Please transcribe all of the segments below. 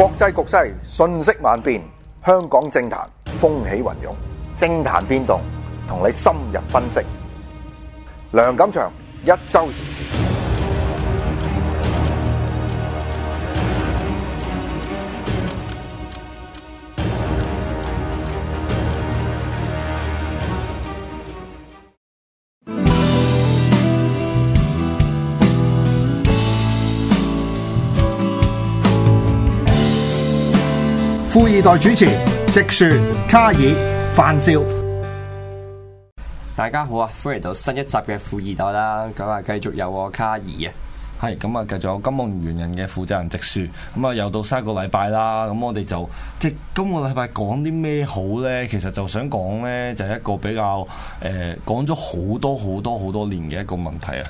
國際局勢瞬息萬變，香港政壇風起雲湧，政壇變動，同你深入分析。梁錦祥，一周時事。代主持直樹、卡爾、范少，大家好啊！歡迎到新一集嘅富易袋啦。咁啊，繼續有我卡爾啊，係咁啊，繼續有金融猿人嘅負責人直樹。咁啊，又到三個禮拜啦。咁我哋就即今個禮拜講啲咩好咧？其實就想講咧，就係、是、一個比較誒，講咗好多好多好多年嘅一個問題啊。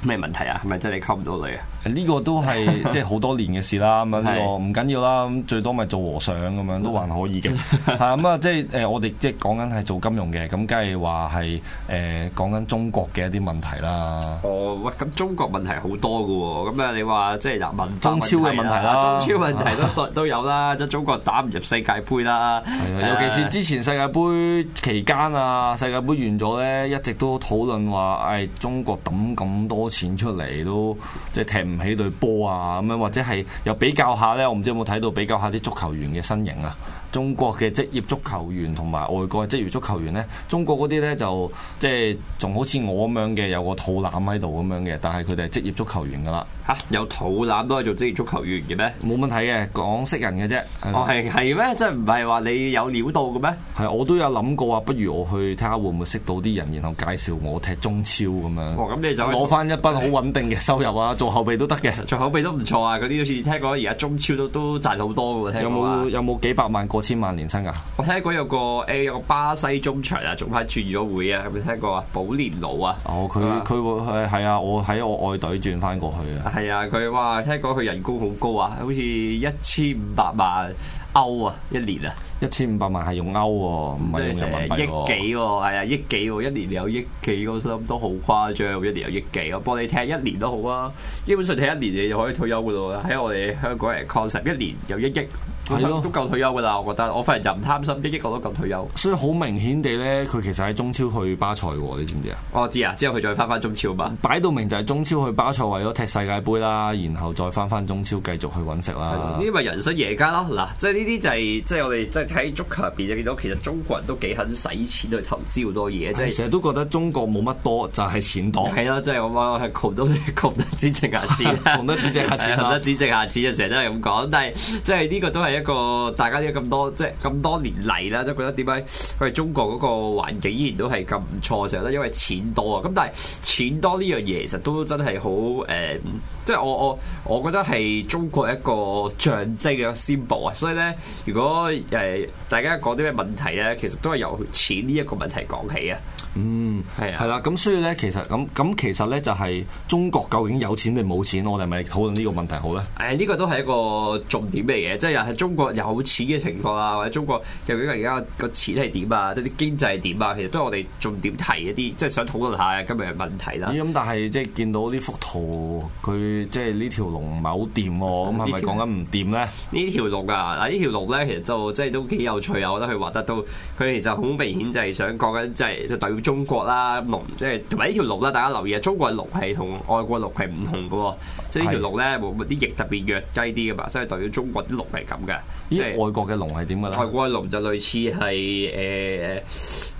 咩問題啊？係咪真係溝唔到女啊？呢個都係即係好多年嘅事啦，咁啊呢個唔緊要啦，最多咪做和尚咁樣都還可以嘅吓。咁啊、 嗯，即係誒我哋即係講緊係做金融嘅，咁梗係話係誒講緊中國嘅一啲問題啦。哦、呃，喂、呃，咁中國問題好多㗎喎，咁啊你話即係亞運、中超嘅問題啦、啊，中超問題都都有啦，即 中國打唔入世界盃啦。尤其是之前世界盃期間啊，世界盃完咗咧，一直都討論話誒、哎、中國抌咁多錢出嚟都即係踢唔。喺對波啊咁樣，或者係又比較下呢？我唔知有冇睇到比較下啲足球員嘅身形啊。中國嘅職業足球員同埋外國嘅職業足球員呢，中國嗰啲呢就即係仲好似我咁樣嘅，有個肚腩喺度咁樣嘅，但係佢哋係職業足球員噶啦。嚇、啊、有肚腩都係做職業足球員嘅咩？冇問題嘅，講識人嘅啫。哦，係係咩？即係唔係話你有料到嘅咩？係我都有諗過啊，不如我去睇下會唔會識到啲人，然後介紹我踢中超咁樣。哦，咁、嗯、你就攞翻一筆好穩定嘅收入啊！哎、做後備都得嘅，做後備都唔錯啊！嗰啲好似聽講而家中超都都賺好多嘅、啊、喎、啊。有冇有冇幾百萬、過千萬年薪㗎？我聽講有個誒、呃、有個巴西中場有有啊，早排轉咗會啊，有冇聽過啊？保連奴啊！哦，佢佢會係係啊！我喺我外隊轉翻過去啊！係啊，佢話聽講佢人工好高啊，好似一千五百萬歐啊一年啊，一千五百萬係用歐喎，唔係用人民幣喎。係啊，嗯，係係係億幾喎，係啊，多億幾喎，一年有億幾，我心都好誇張，一年有億幾，幫你聽一年都好啊。基本上聽一年你就可以退休嘅啦，喺我哋香港人 concept 嚟講，一年有一億。係咯，都夠退休噶啦，我覺得。我反而就唔貪心，邊一個都夠退休。所以好明顯地咧，佢其實喺中超去巴塞喎，你知唔知啊？我知啊，之後佢再翻翻中超嘛。擺到明就係中超去巴塞，為咗踢世界盃啦，然後再翻翻中超繼續去揾食啦。呢咪人生贏家咯？嗱，即係呢啲就係即係我哋即係睇足球入邊就見到，其實中國人都幾肯使錢去投資好多嘢。即係成日都覺得中國冇乜多，就係、是、錢多。係啦，即、就、係、是、我係窮都窮得只剩牙齒，窮得只剩牙齒， 窮得只剩牙齒，成日都係咁講。但係即係呢個都係。一個大家都咁多即係咁多年嚟啦，都覺得點解我哋中國嗰個環境依然都係咁唔錯成咧？因為錢多啊，咁但係錢多呢樣嘢其實都真係好誒，即係我我我覺得係中國一個象徵嘅，symbol 啊，所以咧如果誒大家講啲咩問題咧，其實都係由錢呢一個問題講起啊。嗯，係啊，係啦，咁所以咧，其實咁咁其實咧就係中國究竟有錢定冇錢？我哋咪討論呢個問題好咧？誒、哎，呢個都係一個重點嚟嘅，即係又係中。中國有錢嘅情況啊，或者中國究竟而家個錢係點啊，即係啲經濟係點啊，其實都係我哋重點提一啲，即係想討論下今日嘅問題啦。咁、嗯、但係即係見到呢幅圖，佢即係呢條龍唔係好掂喎，咁係咪講緊唔掂咧？呢條龍啊，嗱呢條龍咧，其實就即係都幾有趣啊！我覺得佢畫得都，佢其實好明顯就係想講緊，即係就代表中國啦龍，即係同埋呢條龍啦。大家留意啊，中國嘅龍係同外國龍係唔同嘅喎，即係是呢條龍咧冇啲翼特別弱雞啲嘅嘛，所以代表中國啲龍係咁嘅。依外國嘅龍係點㗎咧？外國嘅龍就類似係誒，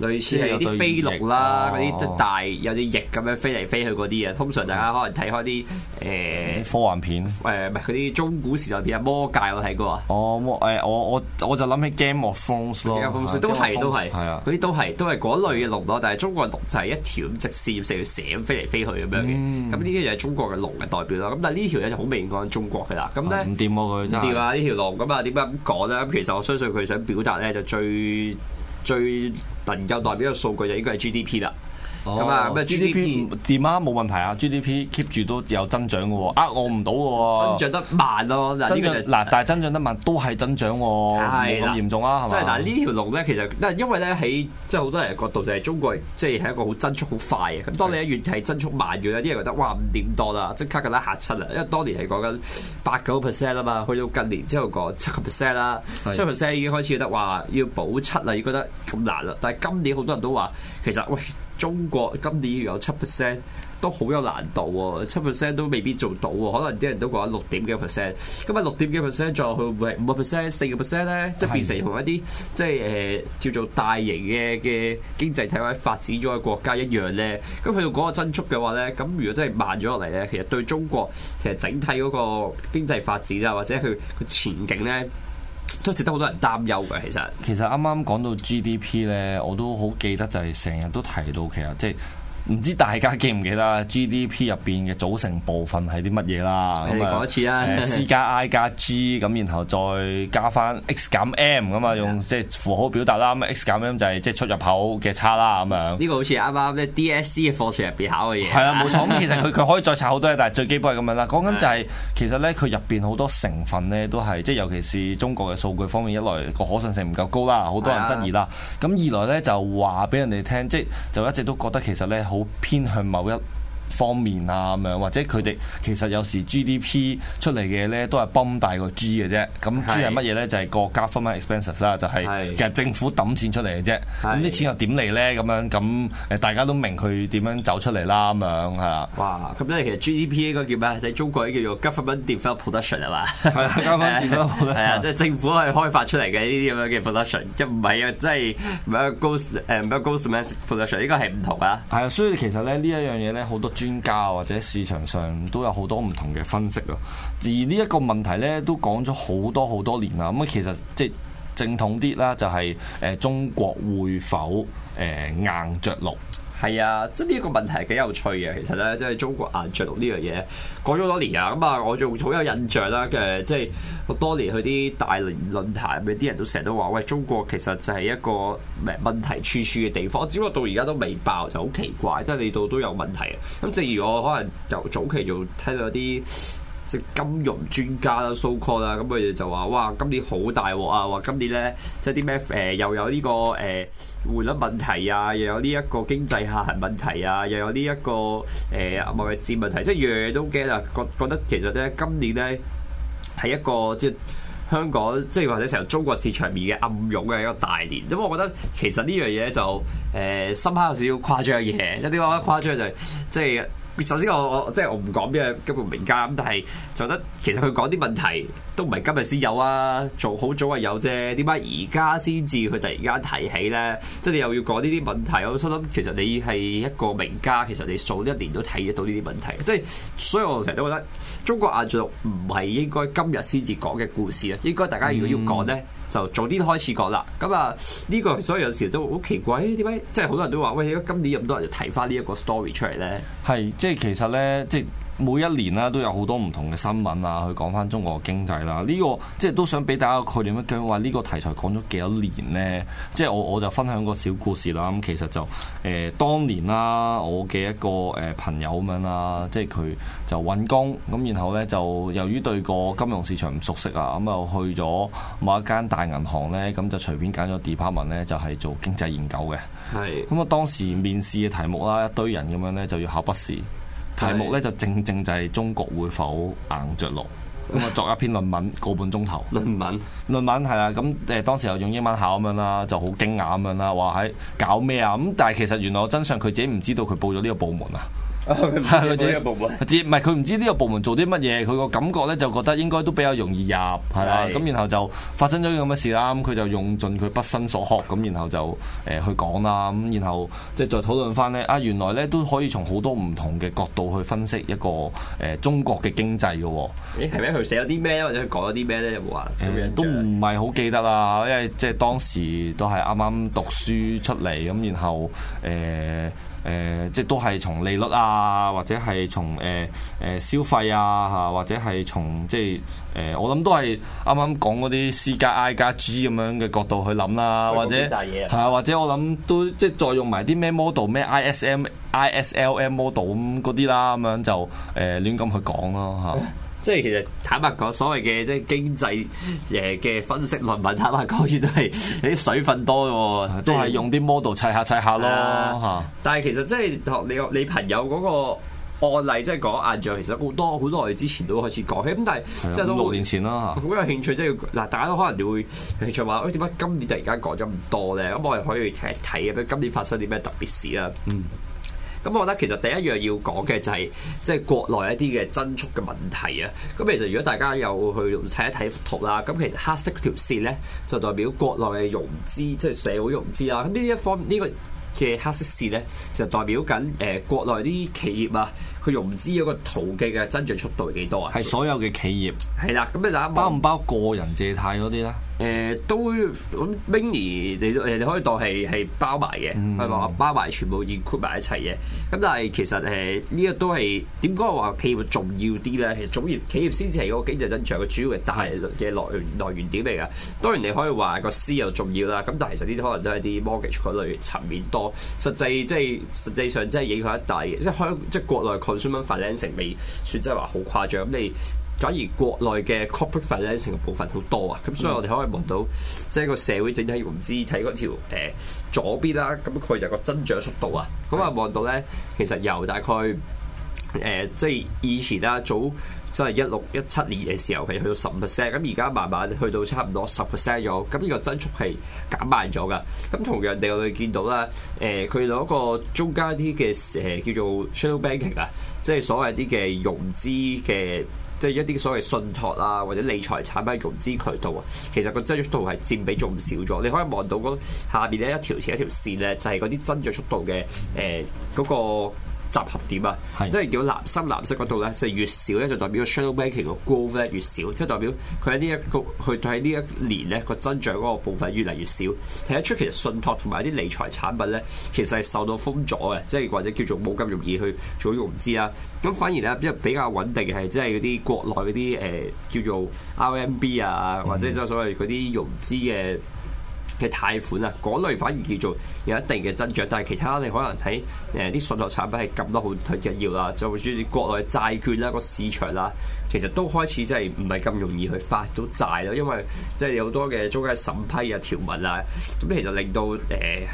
類似係啲飛龍啦，嗰啲即大有隻翼咁樣飛嚟飛去嗰啲啊。通常大家可能睇開啲誒科幻片，誒唔係嗰啲中古時代片啊，魔戒我睇過啊。哦，魔我我我就諗起 Game of Thrones 咯，Game of Thrones 都係都係，係啊，嗰啲都係都係嗰類嘅龍咯。但係中國嘅龍就係一條咁直線，成條蛇咁飛嚟飛去咁樣。咁呢啲就係中國嘅龍嘅代表啦。咁但係呢條嘢就好明顯講中國嘅啦。咁咧唔掂喎佢，唔掂啊呢條龍咁啊！點解咁講咧？咁其實我相信佢想表達咧，就最最能夠代表嘅數據就應該係 GDP 啦。咁啊，GDP 唔掂啊，冇問題啊，GDP keep 住都有增長嘅喎、啊，呃我唔到喎，增長得慢咯、啊，增嗱長，啊、但係增長得慢都係增長喎、啊，冇咁的嚴重啊，係咪的？即係嗱呢條路咧，其實，因為咧喺即係好多人嘅角度就係中國，即係係一個好增速好快嘅。咁當你一月係增速慢二啦，啲人覺得哇五點多啦，即刻咁啦，嚇親啦，因為當年係講緊八九 percent 啊嘛，去到近年之後講七 percent 啦，七、啊、percent 已經開始覺得話要補七啦，已覺得咁難啦。但係今年好多人都話其實喂。中國今年要有七 percent 都好有難度喎、哦，七 percent 都未必做到喎、哦。可能啲人都講六點幾 percent，咁啊六點幾 percent 再去會唔會係五個 percent、四個 percent 咧，即係變成同一啲即係誒叫做大型嘅嘅經濟體位發展咗嘅國家一樣咧。咁佢要講個增速嘅話咧，咁如果真係慢咗落嚟咧，其實對中國其實整體嗰個經濟發展啊，或者佢個前景咧。都值得好多人擔憂㗎，其實。其實啱啱講到 GDP 咧，我都好記得就係成日都提到，其實即係。唔知大家記唔記得 GDP 入邊嘅組成部分係啲乜嘢啦？咁啊、嗯、講一次啦，C 加 I 加 G 咁，然後再加翻 X 減 M 咁啊，用即係符號表達啦。咁 X 減 M 就係即係出入口嘅差啦。咁樣呢個好似啱啱咧 DSE 嘅課程入邊考嘅嘢。係啊，冇錯。咁其實佢佢可以再拆好多嘢， 但係最基本係咁樣啦。講緊就係其實咧，佢入邊好多成分咧，都係即係尤其是中國嘅數據方面一來個可信性唔夠高啦，好多人質疑啦。咁、啊、二來咧就話俾人哋聽，即係就一直都覺得其實咧偏向某一。方面啊咁樣，或者佢哋其實有時 GDP 出嚟嘅咧都係崩大個 G 嘅啫。咁 G 係乜嘢咧？是就係國家 government expenses 啦，就係其實政府揼錢出嚟嘅啫。咁啲是錢又點嚟咧？咁樣咁誒，大家都明佢點樣走出嚟啦咁樣嚇。哇！咁即係其實 GDP 應該叫咩？就係中國叫做 government development production 係嘛的？係啊，係啊，即係政府係開發出嚟嘅呢啲咁樣嘅 production，即唔係啊，即係咩 government 誒咩 government production 呢個係唔同啊。係啊，所以其實咧呢一樣嘢咧好多。專家或者市場上都有好多唔同嘅分析啊，而呢一個問題呢，都講咗好多好多年啦。咁啊，其實即係正統啲啦，就係，就係誒中國會否誒、呃、硬着陸？係啊，即係呢一個問題係幾有趣嘅，其實咧，即係中國硬著陸呢樣嘢講咗多年啊，咁啊，我仲好有印象啦嘅，即係好多年去啲大連論壇，咁啲人都成日都話喂，中國其實就係一個誒問題處處嘅地方，只不過到而家都未爆就好奇怪，即係你度都有問題嘅。咁正如我可能由早期就聽到啲。即金融專家啦、so call 啦，咁佢哋就話：哇，今年好大鑊啊！話今年咧，即係啲咩誒又有呢、這個誒匯、呃、率問題啊，又有呢一個經濟下行問題啊，又有呢、這、一個誒、呃、貿易戰問題，即係樣樣都驚啊！覺覺得其實咧，今年咧係一個即係香港，即係或者成個中國市場面嘅暗湧嘅一個大年。咁我覺得其實呢樣嘢就誒、呃、深刻有少少誇張嘅嘢，有啲話誇張就係、即係。首先我我即係我唔講咩根本名家咁，但係就覺得其實佢講啲問題都唔係今日先有啊，做好早係有啫。點解而家先至佢突然間提起咧？即係你又要講呢啲問題，我心諗其實你係一個名家，其實你數一年都睇得到呢啲問題。即係所以我成日都覺得中國硬著陸唔係應該今日先至講嘅故事啊，應該大家如果要講咧。嗯就早啲開始講啦，咁啊，呢個所以有時都好奇怪，點解即係好多人都話喂，今年有咁多人要提翻呢一個 story 出嚟咧？係，即係其實咧，即係。每一年啦，都有好多唔同嘅新聞啊，去講翻中國嘅經濟啦。呢、這個即係都想俾大家一個概念咩？咁話呢個題材講咗幾多年呢？即係我我就分享個小故事啦。咁其實就誒、呃、當年啦，我嘅一個誒朋友咁樣啦，即係佢就揾工，咁然後呢就由於對個金融市場唔熟悉啊，咁又去咗某一間大銀行呢，咁就隨便揀咗 department 呢，就係做經濟研究嘅。係是。咁啊當時面試嘅題目啦，一堆人咁樣呢，就要考筆試。題目咧就正正就係中國會否硬着陸，咁啊 作一篇論文，個半鐘頭。論文，論文係啦，咁誒當時又用英文考咁樣啦，就好驚訝咁樣啦，話喺、哎、搞咩啊？咁但係其實原來真相，佢自己唔知道，佢報咗呢個部門啊。係佢自己，接唔係佢唔知呢個， 個部門做啲乜嘢，佢個感覺咧就覺得應該都比較容易入係嘛，咁是 然後就發生咗咁嘅事啦。咁佢就用盡佢畢生所學咁，然後就誒去講啦。咁然後即係再討論翻咧，啊原來咧都可以從好多唔同嘅角度去分析一個誒中國嘅經濟嘅喎。誒係咪？佢寫咗啲咩，或者佢講咗啲咩咧？有冇啊、呃？都唔係好記得啦，因為即係當時都係啱啱讀書出嚟咁，然後誒。呃誒、呃，即係都係從利率啊，或者係從誒誒、呃呃、消費啊，嚇，或者係從即係誒，我諗都係啱啱講嗰啲 C 加 I 加 G 咁樣嘅角度去諗啦，或者係啊，或者我諗都即係再用埋啲咩 model 咩 ISM、ISLM model 咁嗰啲啦，咁樣就誒、呃、亂咁去講咯，嚇。 即係其實坦白講，所謂嘅即係經濟誒嘅分析論文，坦白講都係啲 水分多嘅，都係用啲 model 砌下砌下咯。啊啊、但係其實即、就、係、是、你你朋友嗰個案例，即係講硬象，其實好多好多我哋之前都開始講起咁，但係的即係六年前啦，好有興趣，即係嗱，大家都可能你會誒就話，誒點解今年突然間講咗咁多咧？咁我哋可以一睇嘅，今年發生啲咩特別事啊？嗯。咁我覺得其實第一樣要講嘅就係、是、即係國內一啲嘅增速嘅問題啊。咁其實如果大家有去睇一睇幅圖啦，咁其實黑色條線咧就代表國內嘅融資，即係社會融資啦、啊。咁呢一方呢、這個嘅黑色線咧，就代表緊誒、呃、國內啲企業啊，佢融資嗰個途徑嘅增長速度係幾多啊？係所有嘅企業係啦。咁你大家包唔包個人借貸嗰啲咧？誒、呃、都咁，mini 你誒你可以當係係包埋嘅，係話、嗯、包埋全部 include 埋一齊嘅。咁但係其實誒呢、這個都係點講話企業重要啲咧？其實總言企業先至係個經濟增長嘅主要嘅大嘅來源來源點嚟㗎。當然你可以話個 C 又重要啦。咁但係其實呢啲可能都係啲 mortgage 嗰類層面多。實際即係實際上真係影響一大嘅，即係香即係國內 consumer financing 未算真係話好誇張咁你。反而國內嘅 corporate fund 成個部分好多啊，咁所以我哋可以望到、嗯、即係個社會整體融資睇嗰條誒、呃、左邊啦。咁佢就個增長速度啊，咁啊望到咧，其實由大概誒、呃、即係以前啦，早即係一六一七年嘅時候係去到十五 percent，咁而家慢慢去到差唔多十 percent 咗。咁呢個增速係減慢咗噶。咁同樣地，我哋見到啦，誒、呃，佢嗰個中間啲嘅誒叫做 shadow banking 啊，即係所謂啲嘅融資嘅。即係一啲所謂信託啊，或者理財產品融資渠道啊，其實個,增長,個、就是、增長速度係佔比仲少咗。你可以望到嗰下邊咧一條條一條線咧，就係嗰啲增長速度嘅誒嗰個。集合點啊，即係叫藍深藍色嗰度咧，就係越少咧就代表個 channel making 個 growth 越少，即係代表佢喺呢一個佢喺呢一年咧個增長嗰個部分越嚟越少，睇得出其實信託同埋啲理財產品咧其實係受到封咗嘅，即係或者叫做冇咁容易去做融資啊。咁反而咧比較穩定係即係嗰啲國內嗰啲誒叫做 RMB 啊，或者即係所謂嗰啲融資嘅。嘅貸款啊，嗰類反而叫做有一定嘅增長，但係其他你可能睇誒啲信託產品係撳得好緊要啦，就注你國內債券啦、個市場啦。其實都開始即係唔係咁容易去發到債咯，因為即係有好多嘅中間嘅審批啊、條文啊，咁、嗯、其實令到誒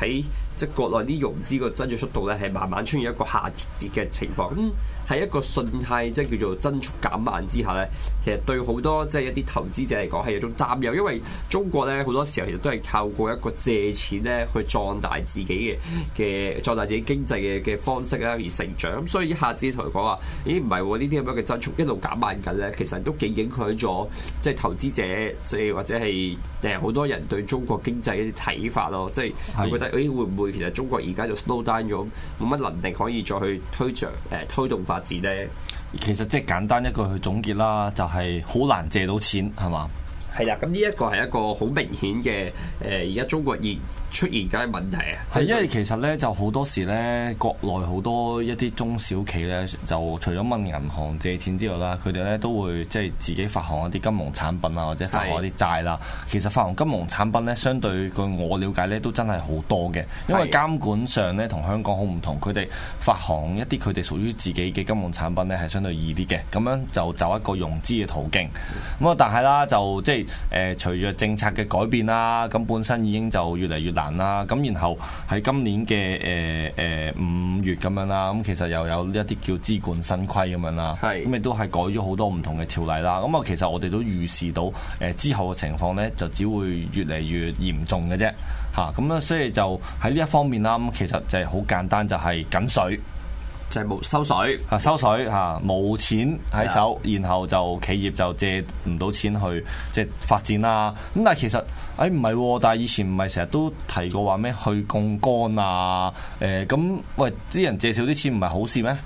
喺、呃、即係國內啲融資個增長速度咧係慢慢出現一個下跌跌嘅情況。咁、嗯、喺一個信貸即係叫做增速減慢之下咧，其實對好多即係一啲投資者嚟講係有種擔憂，因為中國咧好多時候其實都係透過一個借錢咧去壯大自己嘅嘅壯大自己經濟嘅嘅方式啦，而成長。咁、嗯、所以一下子同佢講話，咦，唔係喎，呢啲咁樣嘅增速一路減慢。咧，其實都幾影響咗，即係投資者，即係或者係誒好多人對中國經濟一啲睇法咯。即係覺得，誒是的 會唔會其實中國而家就 slow down 咗，冇乜能力可以再去推著誒推動發展咧？其實即係簡單一個去總結啦，就係、是、好難借到錢，係嘛？係啦，咁呢一個係一個好明顯嘅誒，而家中國現出現緊嘅問題啊！係的的因為其實咧，就好多時咧，國內好多一啲中小企咧，就除咗問銀行借錢之外啦，佢哋咧都會即係自己發行一啲金融產品啊，或者發行一啲債啦。是的 其實發行金融產品咧，相對據我了解咧，都真係好多嘅，因為監管上咧同香港好唔同，佢哋發行一啲佢哋屬於自己嘅金融產品咧，係相對易啲嘅，咁樣就走一個融資嘅途徑。咁啊，但係啦，就即係。誒，隨著政策嘅改變啦，咁本身已經就越嚟越難啦。咁然後喺今年嘅誒誒五月咁樣啦，咁其實又有呢一啲叫資管新規咁樣啦，咁亦是都係改咗好多唔同嘅條例啦。咁啊，其實我哋都預示到誒、呃、之後嘅情況咧，就只會越嚟越嚴重嘅啫。嚇，咁咧，所以就喺呢一方面啦，咁其實就係好簡單，就係緊水。就冇收、啊、收水，啊收水吓冇錢喺手，的然後就企業就借唔到錢去即係發展啦。咁但係其實誒唔係，但係以前唔係成日都提過話咩去槓桿啊？誒、呃、咁喂，啲人借少啲錢唔係好事咩？誒、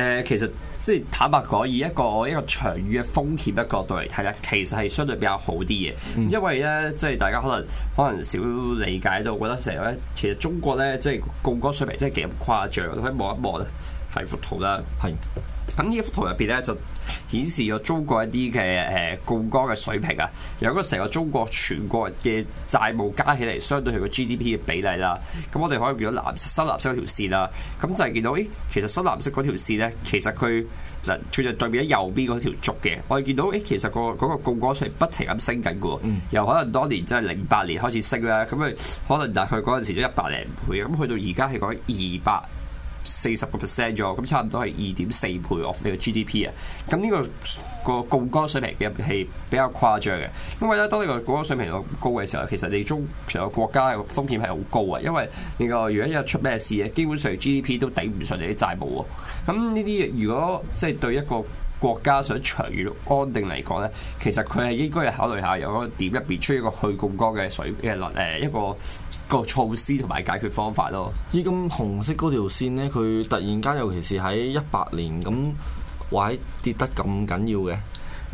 呃、其實即係坦白講，以一個一個，一個長遠嘅風險嘅角度嚟睇咧，其實係相對比較好啲嘅，嗯、因為咧即係大家可能可能少理解到，覺得成日咧其實中國咧即係槓桿水平真係幾咁誇張，可以望一望。係幅圖啦，係是。咁呢幅圖入邊咧，就顯示咗中國一啲嘅誒槓桿嘅水平啊，有個成個中國全國嘅債務加起嚟相對佢個 GDP 嘅比例啦。咁我哋可以見到藍深藍色嗰條線啦，咁就係見到，誒，其實深藍色嗰條線咧，其實佢就隨著對面喺右邊嗰條軸嘅，我哋見到，誒，其實、那個嗰、那個槓桿係不停咁升緊嘅喎。嗯。又可能當年即係零八年開始升啦，咁佢可能大概嗰陣時都一百零倍，咁去到而家係講二百四十個 percent 咗，咁差唔多係二點四倍 off 呢個 GDP 啊！咁呢個個槓桿水平入係比較誇張嘅，因為咧當你個槓桿水平高嘅時候，其實你中成個國家嘅風險係好高啊！因為你、嗰個如果一出咩事嘅，基本上 GDP 都抵唔上你啲債務啊！咁呢啲如果即係對一個國家想長遠安定嚟講咧，其實佢係應該要考慮下有嗰個點入邊出一個去槓桿嘅水嘅率一個一個措施同埋解決方法咯。依咁紅色嗰條線咧，佢突然間尤其是喺一八年咁位跌得咁緊要嘅。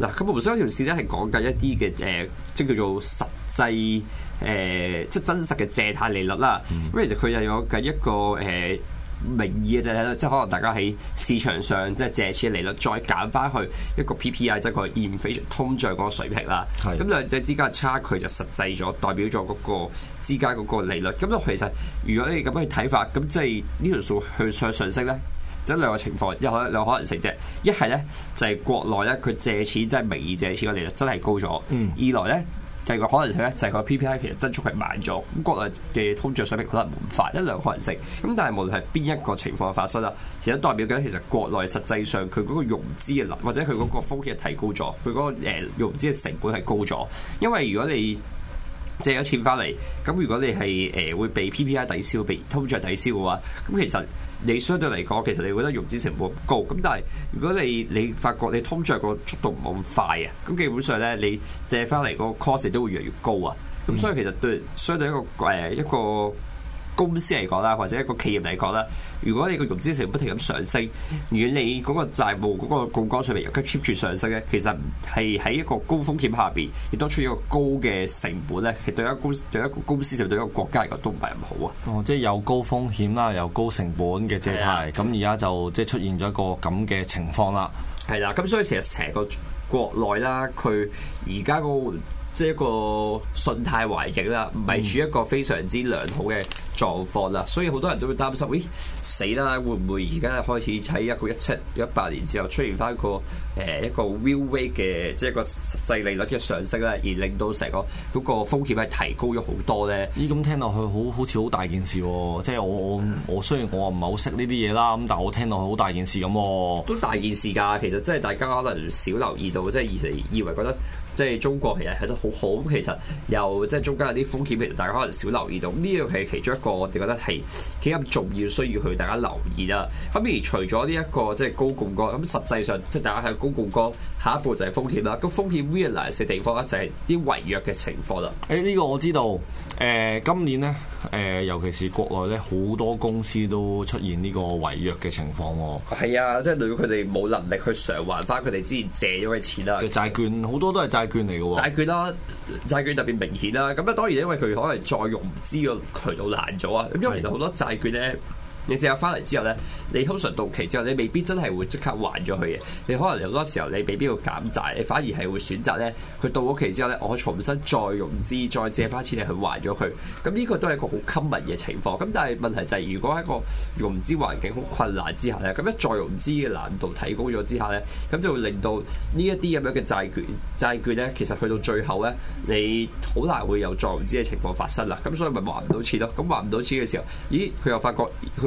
嗱，咁紅色嗰條線咧係講緊一啲嘅誒，即、呃、叫做實際誒、呃，即係真實嘅借貸利率啦。咁、嗯、其實佢係有嘅一個誒。呃名義嘅就係咧，即係可能大家喺市場上即係借錢利率再減翻去一個 PPI 即係個 inflation 通脹嗰個水平啦。咁是的 兩者之間嘅差距就實際咗，代表咗嗰個之間嗰個利率。咁其實如果你咁樣去睇法，咁即係呢條數去上上升咧，就係、是、兩個情況，有可有可能性啫。一係咧就係、是、國內咧佢借錢即係名義借錢嘅利率真係高咗，嗯、二來咧。第二個可能性咧，就係個 PPI 其實增速係慢咗，咁國內嘅通脹水平可能唔快一兩可能性。咁但係無論係邊一個情況發生啦，其實代表緊其實國內實際上佢嗰個融資嘅能，或者佢嗰個風險提高咗，佢嗰個融資嘅成本係高咗。因為如果你借咗錢翻嚟，咁如果你係誒會被 PPI 抵消，被通脹抵消嘅話，咁其實。你相對嚟講，其實你覺得融資成本高，咁但係如果你你發覺你通脹個速度唔好咁快啊，咁基本上咧你借翻嚟個 cost 都會越嚟越高啊，咁所以其實對相對一個誒一個，呃一個公司嚟講啦，或者一個企業嚟講啦，如果你個融資成本不停咁上升，而你嗰個債務嗰、嗰個槓杆水平又 keep 住上升咧，其實係喺一個高風險下邊，亦都出現一個高嘅成本咧，其對一公對一個公司就對,對一個國家嚟講都唔係咁好啊。哦，即係有高風險啦，有高成本嘅借貸，咁而家就即係出現咗一個咁嘅情況啦。係啦，咁所以其實成個國內啦，佢而家個。即係一個信貸環境啦，唔係處一個非常之良好嘅狀況啦，所以好多人都會擔心，咦，死啦，會唔會而家開始喺一九一七、一八年之後出現翻一個誒、呃、一個 real rate 嘅即係個實際利率嘅上升啦，而令到成個嗰個風險係提高咗好多咧？咦，咁聽落去好好似好大件事喎、哦！即係我我、嗯、我雖然我唔係好識呢啲嘢啦，咁但我聽落去好大件事咁、哦。都大件事㗎，其實即係大家可能少留意到，即係以以為覺得。即係中國其實係得好好，咁其實又即係中間有啲風險，其實大家可能少留意到，呢樣係其中一個我哋覺得係幾咁重要，需要去大家留意啦。咁而除咗呢一個即係高共鳴，咁實際上即係大家喺高共鳴。下一步就係風險啦，個風險 realize 嚟嘅地方咧就係啲違約嘅情況啦。誒呢、哎呢個我知道，誒、呃、今年咧，誒、呃、尤其是國內咧，好多公司都出現呢個違約嘅情況喎。係啊，即係如果佢哋冇能力去償還翻佢哋之前借咗嘅錢啦。實債券好多都係債券嚟嘅喎。債券啦、啊，債券特別明顯啦、啊。咁啊當然因為佢可能再融資嘅渠道難咗啊，因為其實好多債券咧。你借翻嚟之後呢，你通常到期之後，你未必真係會即刻還咗佢嘅。你可能好多時候，你未必會減債，你反而係會選擇呢。佢到咗期之後呢，我重新再融資，再借翻錢嚟去還咗佢。咁呢個都係一個好 common 嘅情況。咁但係問題就係，如果喺個融資環境好困難之下呢，咁一再融資嘅難度提高咗之下呢，咁就會令到呢一啲咁樣嘅債券債券呢，其實去到最後呢，你好難會有再融資嘅情況發生啦。咁所以咪還唔到錢咯。咁還唔到錢嘅時候，咦，佢又發覺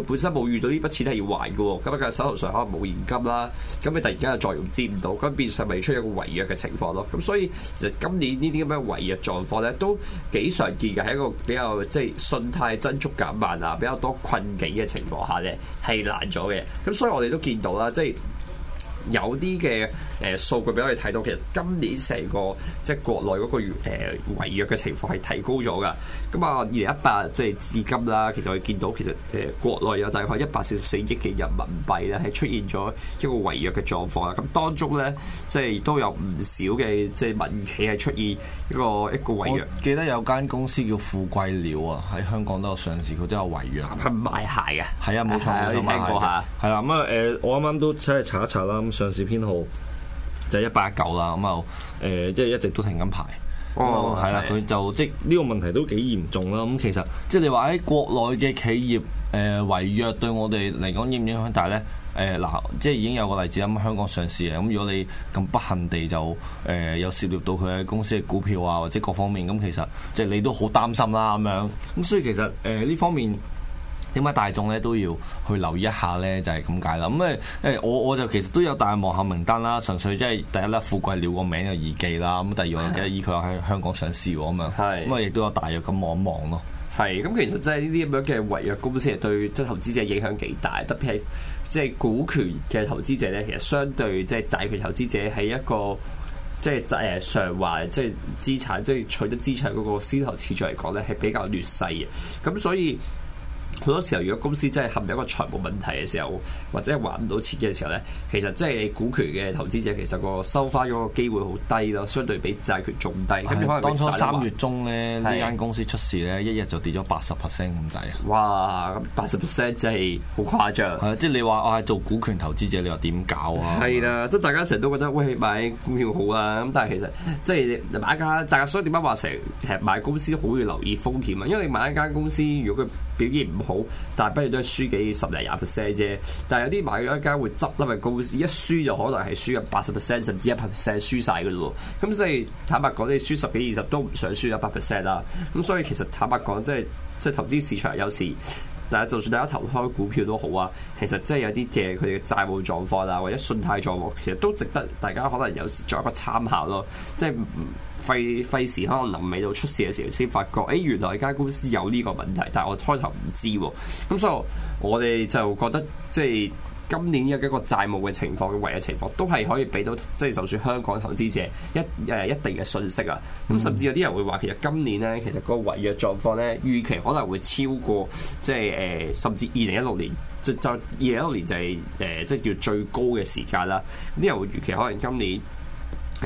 本身冇遇到呢筆錢係要還嘅喎，咁啊手頭上可能冇現金啦，咁你突然間又再融資唔到，咁變相咪出一個違約嘅情況咯。咁所以其實今年呢啲咁嘅違約狀況咧，都幾常見嘅，喺一個比較即係信貸增速減慢啊，比較多困境嘅情況下咧，係難咗嘅。咁所以我哋都見到啦，即係有啲嘅。誒、呃、數據俾我哋睇到，其實今年成個即係國內嗰、那個誒、呃、違約嘅情況係提高咗噶。咁、嗯、啊，二零一八即係至今啦，其實我哋見到其實誒、呃、國內有大概一百四十四億嘅人民幣咧，係出現咗一個違約嘅狀況啦。咁、嗯、當中咧，即係都有唔少嘅即係民企係出現一個一個違約。記得有間公司叫富貴鳥啊，喺香港都有上市，佢都有違約。係賣鞋嘅，係啊，冇錯，係賣、啊、鞋嘅。係啦、啊，咁啊誒，我啱啱都即係查一查啦，咁、嗯、上市編號。就一八九啦，咁又誒，嗯、即係一直都停緊排。哦，係啦，佢就即呢個問題都幾嚴重啦。咁、嗯、其實即係你話喺國內嘅企業誒違、呃、約對我哋嚟講影唔影響？但係咧誒嗱，即係已經有個例子咁、嗯、香港上市嘅。咁、嗯、如果你咁不幸地就誒、呃、有涉獵到佢喺公司嘅股票啊，或者各方面咁、嗯，其實即係你都好擔心啦。咁樣咁、嗯、所以其實誒呢、呃、方面。點解大眾咧都要去留意一下咧？就係咁解啦。咁誒誒，我我就其實都有大望下名單啦。純粹即係第一咧，富貴鳥個名有易記啦。咁第二，我記得以佢喺香港上市喎，咁是樣咁啊，亦都有大約咁望一望咯。係咁，其實即係呢啲咁樣嘅違約公司，係對即係投資者影響幾大，特別係即係股權嘅投資者咧。其實相對即係債權投資者係一個即係、就是、債誒償還即係資產，即、就、係、是、取得資產嗰個先後次序嚟講咧，係比較劣勢嘅。咁所以。好多時候，如果公司真係陷入一個財務問題嘅時候，或者還唔到錢嘅時候咧，其實即係股權嘅投資者，其實個收翻嗰個機會好低咯，相對比債權仲低。咁當初三月中咧呢的間公司出事咧，一日就跌咗八十 percent 咁滯啊！哇，八十 percent 真係好誇張。即係你話我係做股權投資者，你話點搞啊？係啦，即係大家成日都覺得喂買股票好啊，咁但係其實即係買家，大家所以點解話成日買公司好、啊、公司要留意風險啊？因為你買一間公司，如果佢……表現唔好，但係不如都係輸幾十零廿 percent 啫。但係有啲買咗一間會執笠嘅公司，一輸就可能係輸入八十 percent 甚至一百 percent 輸晒嘅咯。咁所以坦白講，你輸十幾二十都唔想輸一百 percent 啦。咁所以其實坦白講，即係即係投資市場有時，嗱就算大家投開股票都好啊，其實即係有啲借佢哋嘅債務狀況啊，或者信貸狀況，其實都值得大家可能有時作一個參考咯。即係。費費事可能臨尾到出事嘅時候先發覺，誒、欸、原來間公司有呢個問題，但係我開頭唔知喎。咁所以我哋就覺得即係今年嘅一個債務嘅情況、違約情況，都係可以俾到即係就算香港投資者一誒、呃、一定嘅訊息啊。咁甚至有啲人會話，其實今年咧，其實個違約狀況咧，預期可能會超過即係誒、呃，甚至二零一六年即就二零一六年就係、是、誒、呃、即係叫最高嘅時間啦。呢啲人會預期可能今年。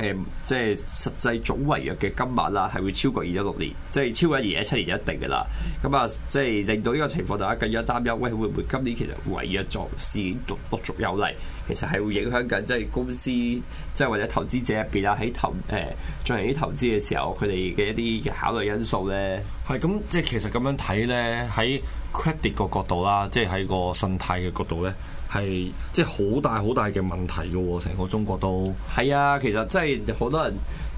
誒、嗯，即係實際總違約嘅金額啦，係會超過二一六年，即係超過二一七年就一定噶啦。咁啊，即係令到呢個情況大家更加擔憂，喂，會唔會今年其實違約作事陸陸續續有嚟？其實係會影響緊，即係公司，即係或者投資者入邊啊，喺投誒、欸、進行啲投資嘅時候，佢哋嘅一啲嘅考慮因素咧，係咁。即係其實咁樣睇咧，喺 credit 個角度啦，即係喺個信貸嘅角度咧。係即係好大好大嘅問題㗎喎，成個中國都係啊！其實即係好多人，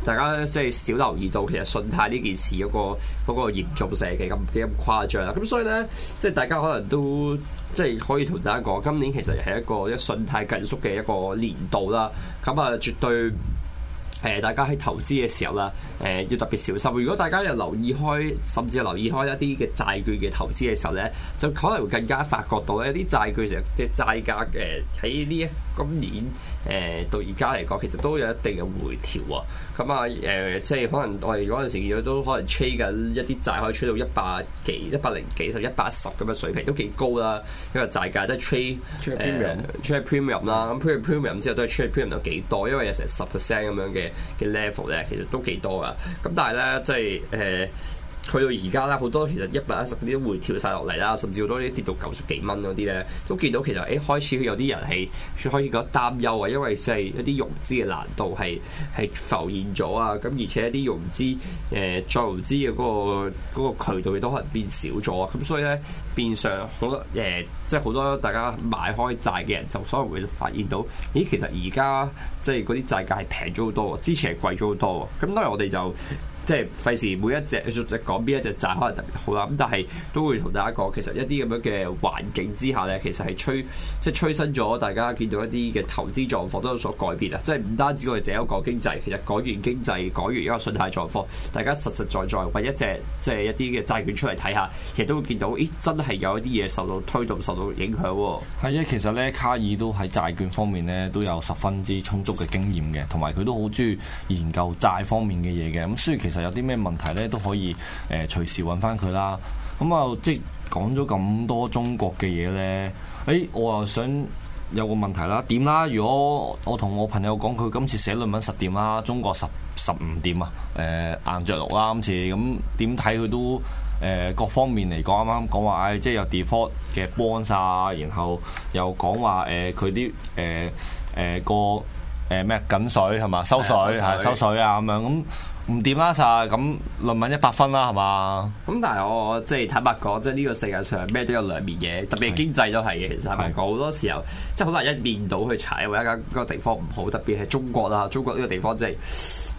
大家即係少留意到其實信貸呢件事一個嗰個嚴重性嘅咁幾咁誇張，咁所以呢，即係大家可能都即係可以同大家講，今年其實係一個一信貸緊縮嘅一個年度啦，咁啊絕對。誒，大家喺投資嘅時候啦，誒、呃、要特別小心。如果大家又留意開，甚至留意開一啲嘅債券嘅投資嘅時候咧，就可能會更加發覺到咧，啲債券成隻債價嘅喺呢一。今年誒、呃、到而家嚟講，其實都有一定嘅回調啊。咁啊誒、呃，即係可能我哋嗰陣時見到都可能 trade 緊一啲債，可以 trade 到一百幾、一百零幾、甚至、一、一百十咁嘅水平，都幾高啦。因為債價即係 trade tr premium，trade、呃、premium 啦。咁、嗯、premium 之後都係 trade premium 有幾多？因為有成十 percent 咁樣嘅嘅 level 咧，其實都幾多噶。咁但係咧，即係誒。呃去到而家咧，好多其實一百一十啲都回調晒落嚟啦，甚至好多啲跌到九十幾蚊嗰啲咧，都見到其實誒、欸、開始佢有啲人係可以覺得擔憂啊，因為係一啲融資嘅難度係係浮現咗啊，咁而且一啲融資誒、呃、再融資嘅嗰、嗰個嗰個渠道亦都可能變少咗啊，咁所以咧變相好多誒、呃，即係好多大家買開債嘅人就可能會發現到，咦，其實而家即係嗰啲債價係平咗好多，之前係貴咗好多，咁當然我哋就。即係費事每一隻逐隻講邊一隻債可能特別好啦，咁但係都會同大家講，其實一啲咁樣嘅環境之下咧，其實係催即係催生咗大家見到一啲嘅投資狀況都有所改變啊！即係唔單止我哋自己講經濟，其實講完經濟，講完一個信貸狀況，大家實實在在揾一隻即係、就是、一啲嘅債券出嚟睇下，其實都會見到，咦，真係有一啲嘢受到推動、受到影響喎、哦。係啊，其實咧，卡爾都喺債券方面咧都有十分之充足嘅經驗嘅，同埋佢都好鍾意研究債方面嘅嘢嘅。咁雖然其其實有啲咩問題咧都可以，誒、呃、隨時揾翻佢啦。咁、嗯、啊，即係講咗咁多中國嘅嘢咧，誒、欸，我又想有個問題啦，點啦？如果我同我朋友講，佢今次寫論文實掂啦，中國十十唔掂啊，誒、呃、硬着陸啦今次，咁點睇佢都誒、呃、各方面嚟講，啱啱講話，誒、哎、即係有 default 嘅幫晒、啊，然後又講話，誒佢啲，誒誒、呃呃、個，誒咩緊水係嘛，收水吓，收水啊咁樣咁。唔掂啦，曬咁論文一百分啦，係嘛？咁但係我即係、就是、坦白講，即係呢個世界上咩都有兩面嘢，特別經濟都係嘅。其實坦白講，好多時候的即係好難一面倒去踩，或者嗰個地方唔好，特別係中國啦。中國呢個地方真係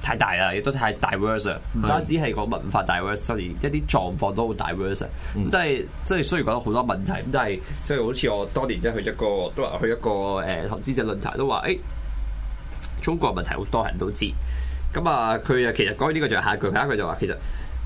太大啦，亦都太 diverse 啦，唔單止係講文化 diverse，一啲狀況都好 diverse< 的>。嗯、即係即係雖然講好多問題，咁但係、嗯、即係好似我當年即係去一個都話去一個誒投資者論壇都話，誒、欸、中國問題好多人都知。咁啊，佢、嗯、啊，其實講呢個就係下一句，下一句就話其實誒、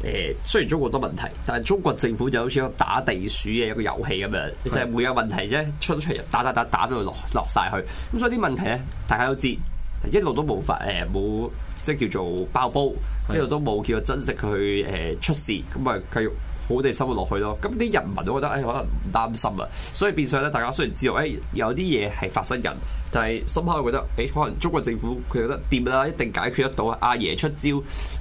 欸，雖然中國多問題，但係中國政府就好似打地鼠嘅一個遊戲咁樣，是的 就係每有問題啫，出出嚟，打打打打到落，落落曬去。咁所以啲問題咧，大家都知，一路都冇發誒冇，即係叫做爆煲，是的 一路都冇叫做珍惜佢誒、呃、出事，咁、嗯、啊繼續好地生活落去咯。咁啲人民都覺得誒可能唔擔心啊，所以變相咧，大家雖然知道誒、欸、有啲嘢係發生緊。但係深刻覺得，誒、欸、可能中國政府佢覺得掂啦，一定解決得到。阿爺出招，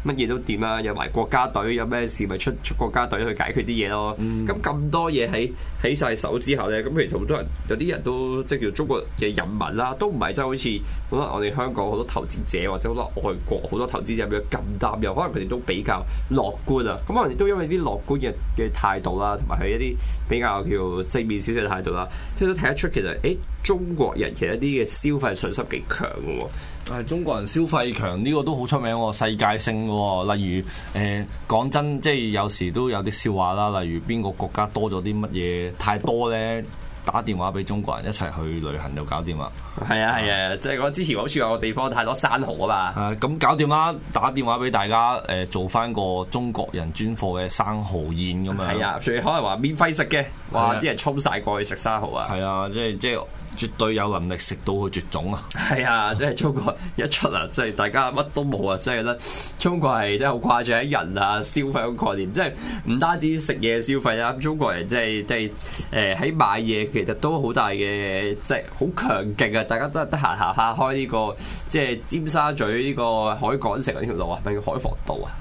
乜嘢都掂啦。有埋國家隊，有咩事咪出出國家隊去解決啲嘢咯。咁咁、嗯嗯、多嘢喺起晒手之後咧，咁其實好多人有啲人都即係叫中國嘅人民啦，都唔係真係好似好多我哋香港好多投資者或者好多外國好多投資者咁擔憂，可能佢哋都比較樂觀啊。咁可能都因為啲樂觀嘅嘅態度啦，同埋係一啲比較叫正面少少嘅態度啦，即係都睇得出其實誒、欸、中國人其實一啲。嘅消費信心幾強嘅、哦、喎，但係中國人消費強呢、這個都好出名喎、哦，世界性嘅喎、哦。例如誒，講、欸、真，即係有時都有啲笑話啦。例如邊個國家多咗啲乜嘢太多呢？打電話俾中國人一齊去旅行就搞掂啦。係啊係啊，即係我之前好似有個地方太多生蠔啊嘛。咁、啊、搞掂啦，打電話俾大家誒、呃，做翻個中國人專貨嘅生蠔宴咁啊。係啊，所以可能話免費食嘅，哇！啲人衝晒過去食生蠔啊。係啊，即係即係。即絕對有能力食到佢絕種啊！係啊，即係中國一出啊，即係大家乜都冇啊！即係咧，中國係真係好誇張，人啊消費嘅概念，即係唔單止食嘢消費啊，中國人即係即係誒喺買嘢其實都好大嘅，即係好強勁啊！大家都得閒下下開呢個即係尖沙咀呢個海港城呢條路啊，咪叫海防道啊！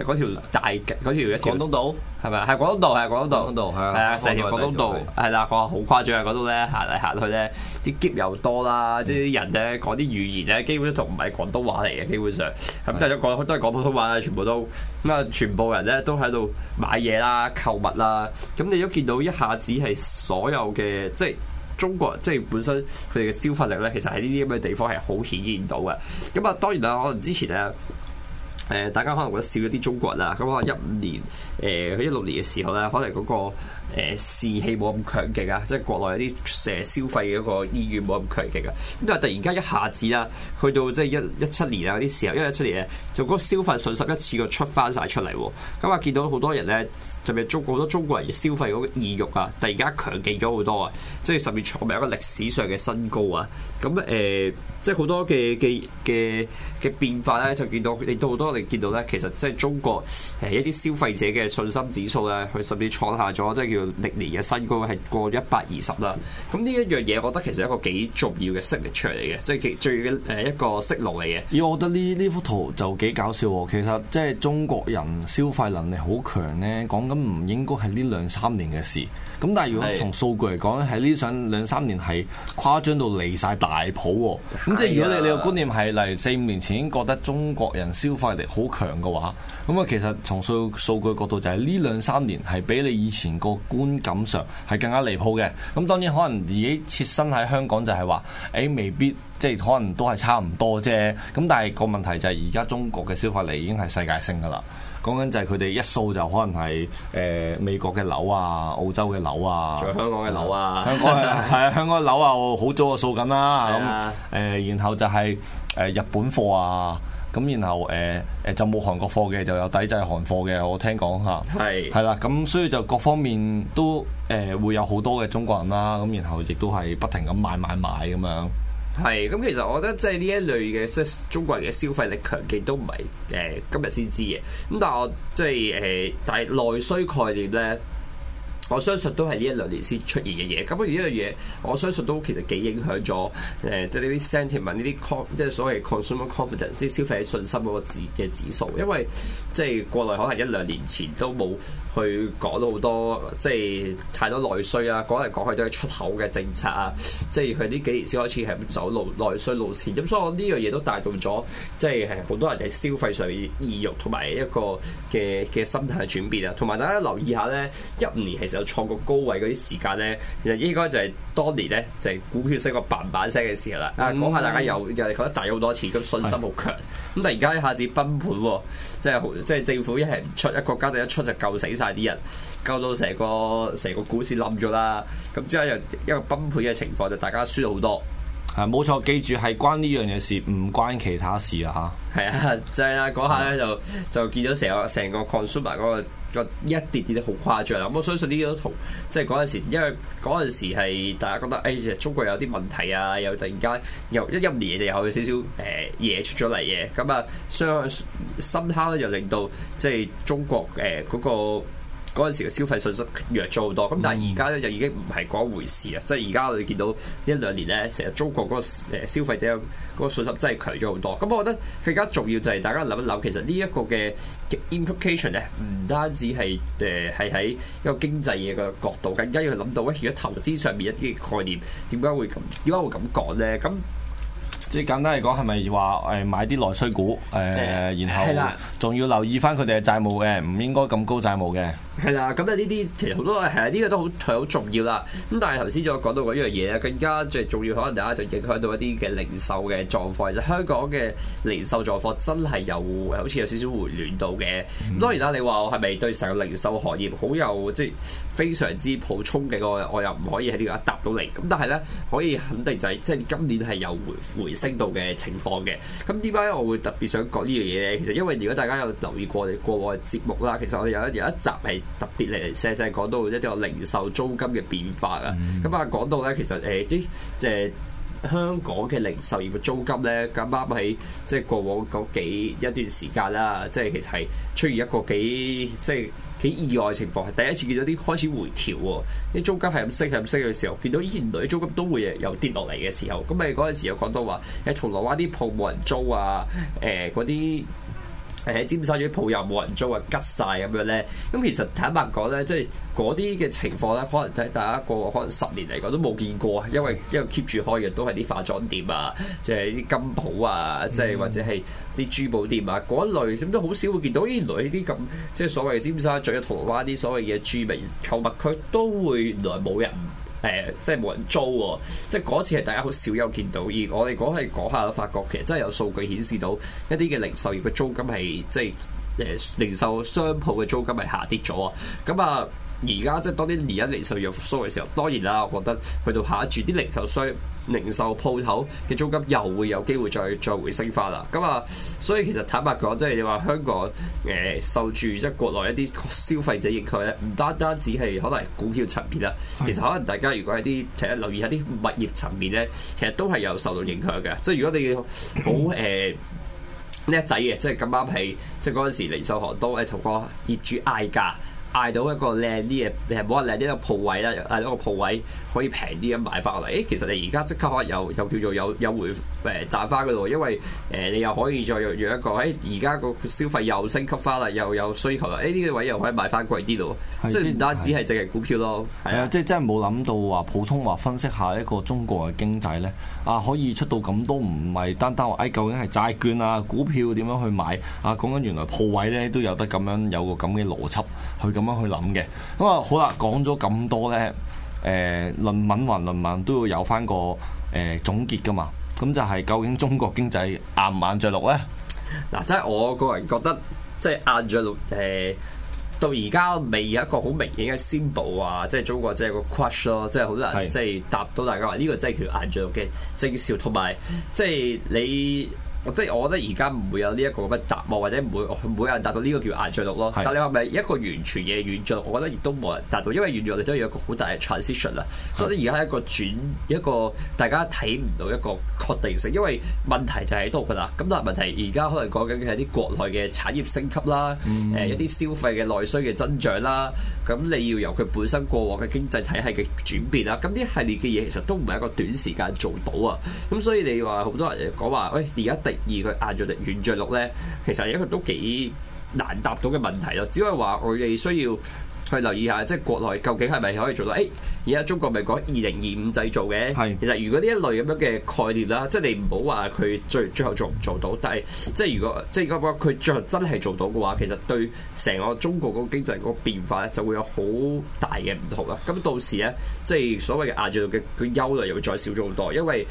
嗰條大嗰條嘢廣東道係咪啊？係廣東道係廣東道，係啊！成條廣東道係啦，講話好、啊、誇張啊！嗰度咧行嚟行去咧，啲喼又多啦，嗯、即係啲人咧講啲語言咧，基本都同唔係廣東話嚟嘅，基本上咁、嗯、都係講都係講普通話啦，全部都咁啊！全部人咧都喺度買嘢啦、購物啦，咁你都見到一下子係所有嘅即係中國即係本身佢哋嘅消費力咧，其實喺呢啲咁嘅地方係好顯現到嘅。咁啊，當然啦，可能之前咧。誒，大家可能覺得少咗啲中國人啦，咁啊一五年，誒、呃，佢一六年嘅時候咧，可能嗰個。誒、呃、士氣冇咁強勁啊，即係國內有啲成日消費嗰個意願冇咁強勁啊。咁但係突然間一下子啦，去到即係一一七年啊嗰啲時候，因為一七年咧，就嗰個消費信心一次過出翻晒出嚟。咁啊見到好多人咧，就別中好多中國人嘅消費嗰個意欲啊，突然間強勁咗好多啊，即係甚至創埋一個歷史上嘅新高啊。咁誒、呃，即係好多嘅嘅嘅嘅變化咧，就見到亦都好多你哋見到咧，其實即係中國誒、呃、一啲消費者嘅信心指數咧，佢甚至創下咗即係叫。歷年嘅新高係過了了、嗯、一百二十啦，咁呢一樣嘢，我覺得其實一個幾重要嘅 signal 嚟嘅，即係最誒一個 signal 嚟嘅。而我覺得呢呢幅圖就幾搞笑喎。其實即係中國人消費能力好強呢，講緊唔應該係呢兩三年嘅事。咁但係如果從數據嚟講，喺呢上兩三年係誇張到離晒大譜、哦。咁即係如果你你個觀念係，例如四五年前已經覺得中國人消費力好強嘅話，咁啊其實從數據數據角度就係呢兩三年係比你以前個。觀感上係更加離譜嘅，咁當然可能自己設身喺香港就係話，誒、欸、未必即係可能都係差唔多啫。咁但係個問題就係而家中國嘅消費力已經係世界性㗎喇，講緊就係佢哋一掃就可能係誒、呃、美國嘅樓啊、澳洲嘅樓啊、仲有香港嘅樓啊，香港係 啊，香港嘅樓啊好早就掃緊啦，咁誒的、呃，然後就係、是、誒、呃、日本貨啊。咁然後誒誒、呃、就冇韓國貨嘅就有抵制韓貨嘅，我聽講吓，係係啦，咁是所以就各方面都誒、呃、會有好多嘅中國人啦，咁然後亦都係不停咁買買買咁樣。係，咁其實我覺得即係呢一類嘅即係中國人嘅消費力強勁都唔係誒今日先知嘅，咁但係我即係誒、呃、但係內需概念咧。我相信都係呢一兩年先出現嘅嘢，咁不如呢樣嘢，我相信都其實幾影響咗誒即係呢啲 sentiment，呢啲 con，即係所謂 consumer confidence，啲消費者信心嗰個指嘅指數，因為即係國內可能一兩年前都冇去講到好多，即係太多內需啊，講嚟講去都係出口嘅政策啊，即係佢呢幾年先開始係走路內需路線，咁、嗯、所以我呢樣嘢都帶動咗，即係係好多人喺消費上意欲同埋一個嘅嘅心態嘅轉變啊，同埋大家留意下咧，一五年係。就錯過高位嗰啲時間咧，其實應該就係當年咧就係股票升個板板聲嘅時候啦。啊、嗯，講下大家又又係覺得賺咗好多錢，咁信心好強。咁突然間一下子崩盤喎，即係即係政府一係唔出，一國家就一出就救死晒啲人，救到成個成個股市冧咗啦。咁之後又一個崩盤嘅情況就大家輸好多。係冇錯，記住係關呢樣嘢事，唔關其他事啊嚇。係啊，就係、是、啦，嗰下咧就就見到成個成個 consumer 嗰個。個一啲啲都好誇張啊！咁我相信呢啲都同，即係嗰陣時，因為嗰陣時係大家覺得誒、哎，中國有啲問題啊，又突然間又一一年就又有少少誒嘢、呃、出咗嚟嘅咁啊，相深刻咧，就令到即係中國誒嗰、呃那個。嗰陣時嘅消費信心弱咗好多，咁但係而家咧就已經唔係嗰回事啊！嗯、即係而家你見到一兩年咧，成日中國嗰個消費者嗰個信心真係強咗好多。咁我覺得更加重要就係大家諗一諗，其實呢一個嘅 implication 咧，唔單止係誒係喺一個經濟嘢嘅角度，更加要諗到咧，如、呃、果投資上面一啲概念點解會咁，點解會咁講咧？咁即簡單嚟講，係咪話誒買啲內需股誒，呃嗯、然後仲要留意翻佢哋嘅債務嘅，唔應該咁高債務嘅？係啦，咁啊呢啲，其實好多係啊呢個都好好重要啦。咁但係頭先我講到嗰樣嘢咧，更加最重要，可能大家、啊、就影響到一啲嘅零售嘅狀況。其實香港嘅零售狀況真係有，好似有少少回暖到嘅。當然啦，你話我係咪對成個零售行業好有即係、就是、非常之憧憬？我我又唔可以喺呢度一答到你。咁但係咧，可以肯定就係、是、即係今年係有回，回升到嘅情況嘅。咁點解我會特別想講呢樣嘢咧？其實因為如果大家有留意過過，過往嘅節目啦，其實我有有一集係。特別嚟成成講到一啲話零售租金嘅變化啊，咁啊講到咧，其實誒即係香港嘅零售業嘅租金咧，咁啱喺即係過往嗰幾一段時間啦，即係其實係出現一個幾即係幾意外嘅情況，係第一次見到啲開始回調喎，啲租金係咁升係咁升嘅時候，見到依然類租金都會誒又跌落嚟嘅時候，咁咪嗰陣時又講到話，誒銅鑼灣啲鋪冇人租啊，誒嗰啲。係喺尖沙咀鋪又冇人租啊，吉晒咁樣咧。咁、嗯、其實坦白講咧，即係嗰啲嘅情況咧，可能喺大家過，過可能十年嚟講都冇見過啊。因為因為 keep 住開嘅都係啲化妝店啊，即係啲金鋪啊，即、就、係、是、或者係啲珠寶店啊嗰、嗯、一類，咁都好少會見到原來呢啲咁，即係所謂尖沙咀嘅銅鑼灣啲所謂嘅著名購物區都會嚟冇人。誒，即係冇人租喎、啊，即係嗰次係大家好少有見到，而我哋講係講下，都發覺其實真係有數據顯示到一啲嘅零售業嘅租金係即係誒零售商鋪嘅租金係下跌咗啊，咁啊。而家即係當啲而家零售業復甦嘅時候，當然啦，我覺得去到下一注啲零售商、零售，零售鋪頭嘅租金又會有機會再再回升翻啦。咁啊，所以其實坦白講，即係你話香港誒、呃、受住即係國內一啲消費者影響咧，唔單單只係可能係股票層面啦，的其實可能大家如果係啲睇留意下啲物業層面咧，其實都係有受到影響嘅。即係如果你好誒叻仔嘅，即係咁啱喺即係嗰陣時零售行都誒同個業主嗌價。嗌到一個靚啲嘅誒，你係冇話靚啲嘅鋪位啦，嗌到一個鋪位，位可以平啲咁買翻落嚟。誒，其實你而家即刻可能又又叫做有有回誒賺翻嗰度，因為誒、呃、你又可以再約一個喺而家個消費又升級翻啦，又有需求啦。誒，呢個位又可以買翻貴啲到，的即係唔單止係淨係股票咯。係啊，即係真係冇諗到話普通話分析一下一個中國嘅經濟咧，啊，可以出到咁都唔係單單話誒、哎，究竟係債券啊、股票點樣去買啊？講緊原來鋪位咧都有得咁樣有個咁嘅邏輯去咁樣去諗嘅，咁、嗯、啊好啦，講咗咁多咧，誒、欸，論文還論文都要有翻個誒、欸、總結噶嘛，咁就係究竟中國經濟硬唔硬着陸咧？嗱、啊，即係我個人覺得，即係硬着陸，誒、呃，到而家未有一個好明顯嘅先布啊，即係中國即係個 crash 咯，即係好多人，即係答到大家話呢是個真係叫硬着陸嘅徵兆，同埋即係你。我即係我覺得而家唔會有呢一個咁嘅答案，或者唔會，唔會有人達到呢個叫硬著陸咯。是但係你話咪一個完全嘅軟著陸，我覺得亦都冇人達到，因為軟著陸你都要一個好大嘅 transition 啊。是所以而家係一個轉，一個大家睇唔到一個確定性，因為問題就喺度㗎啦。咁但係問題而家可能講緊嘅係啲國內嘅產業升級啦，誒、嗯嗯呃、一啲消費嘅內需嘅增長啦。咁你要由佢本身過往嘅經濟體系嘅轉變啦，咁呢系列嘅嘢其實都唔係一個短時間做到啊，咁所以你話好多人講話，喂，而家第二個硬著陸軟著陸咧，其實一個都幾難答到嘅問題咯，只係話我哋需要。去留意下，即係國內究竟係咪可以做到？誒、哎，而家中國咪講二零二五製造嘅？係是。其實如果呢一類咁樣嘅概念啦，即係你唔好話佢最最後做唔做到，但係即係如果即係如果佢最後真係做到嘅話，其實對成個中國嗰個經濟嗰個變化咧，就會有好大嘅唔同啦。咁到時咧，即係所謂嘅硬着陸嘅佢憂慮又會再少咗好多，因為。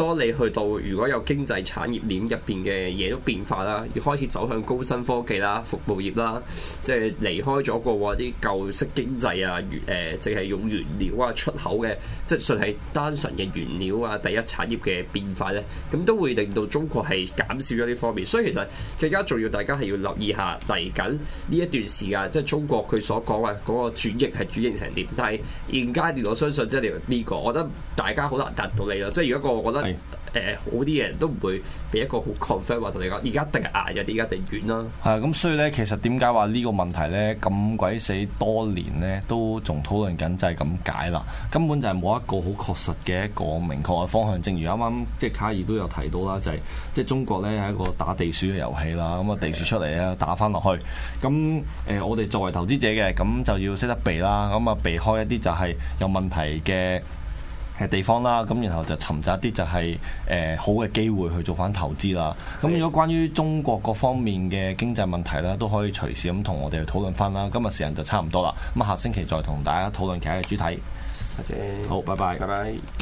當你去到，如果有經濟產業鏈入邊嘅嘢都變化啦，要開始走向高新科技啦、服務業啦，即係離開咗個啲舊式經濟啊、原、呃、誒，淨係用原料啊出口嘅，即係純係單純嘅原料啊第一產業嘅變化咧，咁都會令到中國係減少咗呢方面。所以其實更加重要，大家係要留意下嚟緊呢一段時間，即係中國佢所講嘅嗰個轉型係轉型成點。但係現階段我相信即係呢個，我覺得大家好難答到你咯。即係如果個我覺得。誒，好啲嘅人都唔會俾一個好 confirm 話同你講，而家一定係硬嘅，而家一定軟啦。係咁所以咧，其實點解話呢個問題咧咁鬼死多年咧都仲討論緊就係咁解啦，根本就係冇一個好確實嘅一個明確嘅方向。正如啱啱即係卡爾都有提到啦，就係、是、即係中國咧係一個打地鼠嘅遊戲啦，咁啊地鼠出嚟啊打返落去。咁誒是的、呃，我哋作為投資者嘅，咁就要識得避啦，咁啊避開一啲就係有問題嘅。嘅地方啦，咁然後就尋找一啲就係誒好嘅機會去做翻投資啦。咁的如果關於中國各方面嘅經濟問題咧，都可以隨時咁同我哋去討論翻啦。今日時間就差唔多啦，咁下星期再同大家討論其他嘅主題。謝謝。好，拜拜，拜拜。